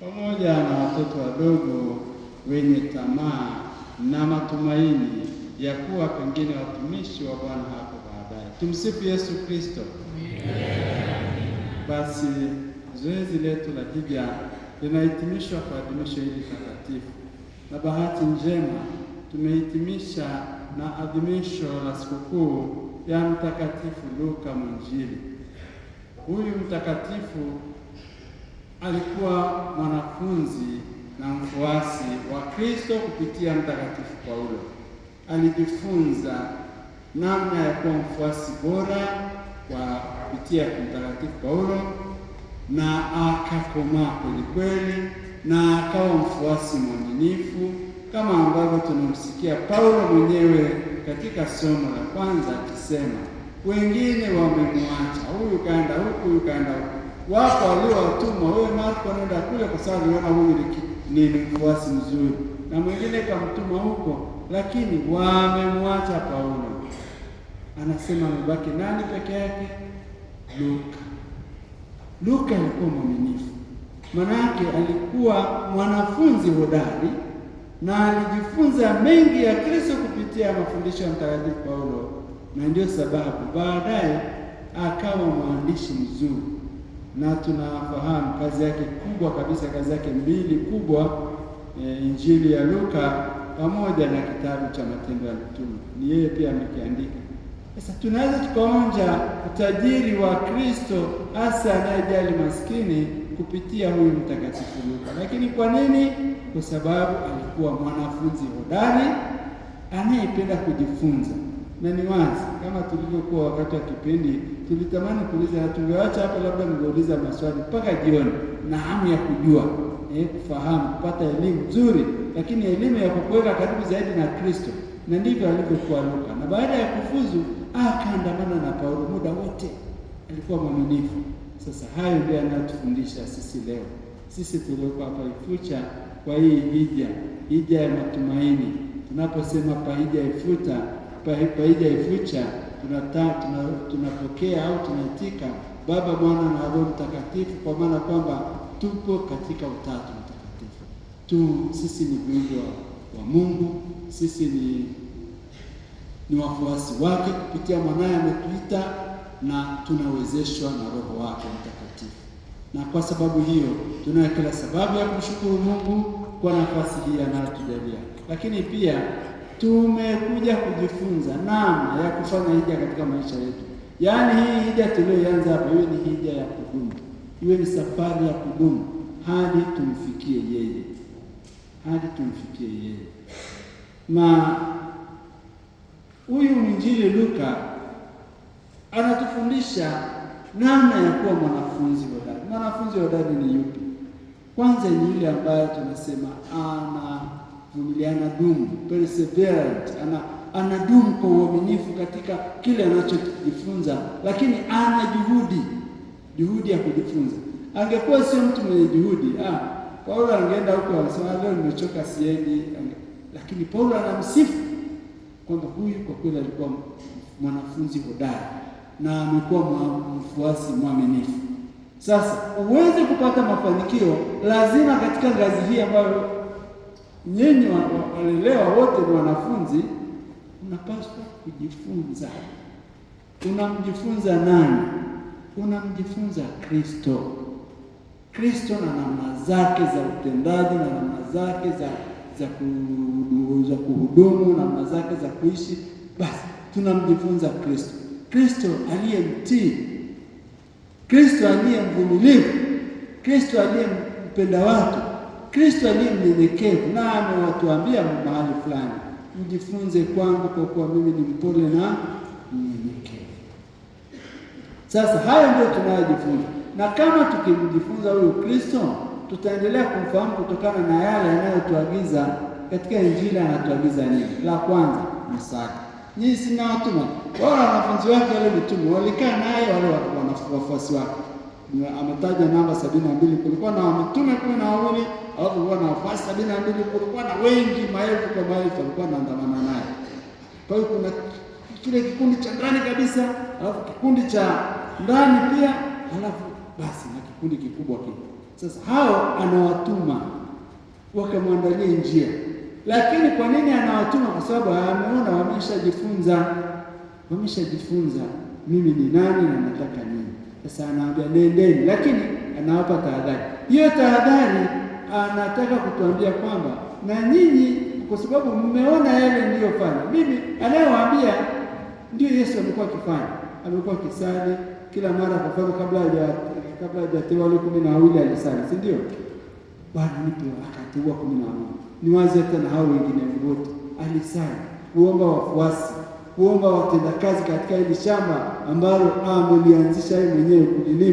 pamoja na watoto wadogo wenye tamaa na matumaini ya kuwa pengine watumishi wa Bwana hapo baadaye. Tumsifu Yesu Kristo. Basi zoezi letu la hija linahitimishwa kwa adhimisho hili takatifu, na bahati njema tumehitimisha na adhimisho la sikukuu ya Mtakatifu Luka Mwinjili. Huyu mtakatifu alikuwa mwanafunzi na mfuasi wa Kristo. Kupitia Mtakatifu Paulo alijifunza namna ya kuwa mfuasi bora kwa kupitia Mtakatifu Paulo, na akakomaa kwelikweli na akawa mfuasi mwaminifu kama ambavyo tunamsikia Paulo mwenyewe katika somo la kwanza akisema, wengine wamemwacha huyu kaenda huku, huyu kaenda huku wako watumwa wewe Marko nenda kule, kwa sababu unaona huyu ni mfuasi mzuri, na mwingine kamtuma huko, lakini wamemwacha Paulo. Anasema amebaki nani peke yake? Luka. Luka alikuwa mwaminifu, manake alikuwa mwanafunzi hodari na alijifunza mengi ya Kristo kupitia mafundisho ya Mtakatifu Paulo, na ndio sababu baadaye akawa mwandishi mzuri na tunafahamu kazi yake kubwa kabisa, kazi yake mbili kubwa e, Injili ya Luka pamoja na kitabu cha Matendo ya Mitume ni yeye pia amekiandika. Sasa tunaweza tukaonja utajiri wa Kristo hasa anayejali maskini kupitia huyu mtakatifu Luka. Lakini kwa nini? Kwa sababu alikuwa mwanafunzi hodari anayependa kujifunza na ni wazi kama tulivyokuwa wakati wa kipindi, tulitamani kuuliza, hatungewacha hapa, labda ningeuliza maswali mpaka jioni na hamu ya kujua eh, kufahamu, kupata elimu nzuri, lakini elimu ya kukuweka karibu zaidi na Kristo, na ndivyo alivyokuwa Luka. Na baada ya kufuzu akaandamana na Paulo muda wote, alikuwa mwaminifu. Sasa hayo ndio yanayotufundisha sisi leo, sisi tuliokuwa hapa Ifucha kwa hii hija, hija ya matumaini. Tunaposema hija Ifuta paijaificha, tunata tunapokea au tunaitika Baba, Mwana na Roho Mtakatifu, kwa maana kwamba tupo katika Utatu Mtakatifu tu. Sisi ni viumbe wa Mungu, sisi ni ni wafuasi wake kupitia mwanaye ametuita, na tunawezeshwa na Roho wake Mtakatifu. Na kwa sababu hiyo tunayo kila sababu ya kumshukuru Mungu kwa nafasi hii anayotujalia, lakini pia tumekuja kujifunza namna ya kufanya hija katika maisha yetu. Yaani hii hija tuliyoanza hapa iwe ni hija ya kudumu, iwe ni safari ya kudumu hadi tumfikie yeye, hadi tumfikie yeye. Na huyu mwinjili Luka anatufundisha namna ya kuwa mwanafunzi hodari. Mwanafunzi hodari ni yupi? Kwanza ni yule ambaye tunasema ana mvumiliana anadumu perseverant, ana anadumu kwa uaminifu katika kile anachojifunza, lakini ana juhudi, juhudi ya kujifunza. Angekuwa sio mtu mwenye juhudi, ah, Paulo angeenda huko anasema leo nimechoka, siendi. Lakini Paulo anamsifu kwamba huyu kwa kweli alikuwa mwanafunzi hodari na amekuwa mfuasi mwaminifu. Sasa uweze kupata mafanikio, lazima katika ngazi hii ambayo nyinyi walelewa wote ni wanafunzi, unapaswa kujifunza. Unamjifunza nani? Unamjifunza Kristo. Kristo na namna zake za utendaji na namna zake za za kuhudumu, namna zake za kuishi, basi tunamjifunza Kristo. Kristo aliye mtii, Kristo aliye mvumilivu, Kristo aliye mpenda watu Kristo ni mnyenyekevu na amewatuambia mahali fulani, mjifunze kwangu kwa kuwa mimi ni mpole na mnyenyekevu. Sasa hayo ndio tunayojifunza, na kama tukimjifunza huyu Kristo tutaendelea kumfahamu kutokana na yale yanayotuagiza katika Injili. Anatuagiza nini? La kwanza msali. Nyinyi si mnawatuma wala wanafunzi wake wale mitume walikaa naye wale wafuasi wake ametaja namba sabini na mbili. Kulikuwa na mitume kumi na wawili, alafu kulikuwa na wafuasi sabini na mbili, kulikuwa na wengi, maelfu kwa maelfu walikuwa wanaandamana naye. Kwa hiyo kuna kile kikundi cha ndani kabisa, alafu kikundi cha ndani pia, alafu basi na kikundi kikubwa kile. Sasa hao anawatuma wakamwandalie njia, lakini kwa nini anawatuma? Kwa sababu ameona wameshajifunza, wameshajifunza mimi ni nani na nataka nini sasa anawaambia nendeni, lakini anawapa tahadhari. Hiyo tahadhari anataka kutuambia kwamba na nyinyi, kwa sababu mmeona yale niliyofanya mimi, anayewaambia ndio Yesu amekuwa akifanya, amekuwa akisali kila mara. Kwa mfano, kabla ya kabla wale kumi na wawili alisali, si ndio? Bwana nipe wakati wa kumi na wawili niwaze tena hao wengine wote, alisali kuomba wafuasi kuomba watendakazi katika hili shamba ambalo amelianzisha yeye mwenyewe kulilima.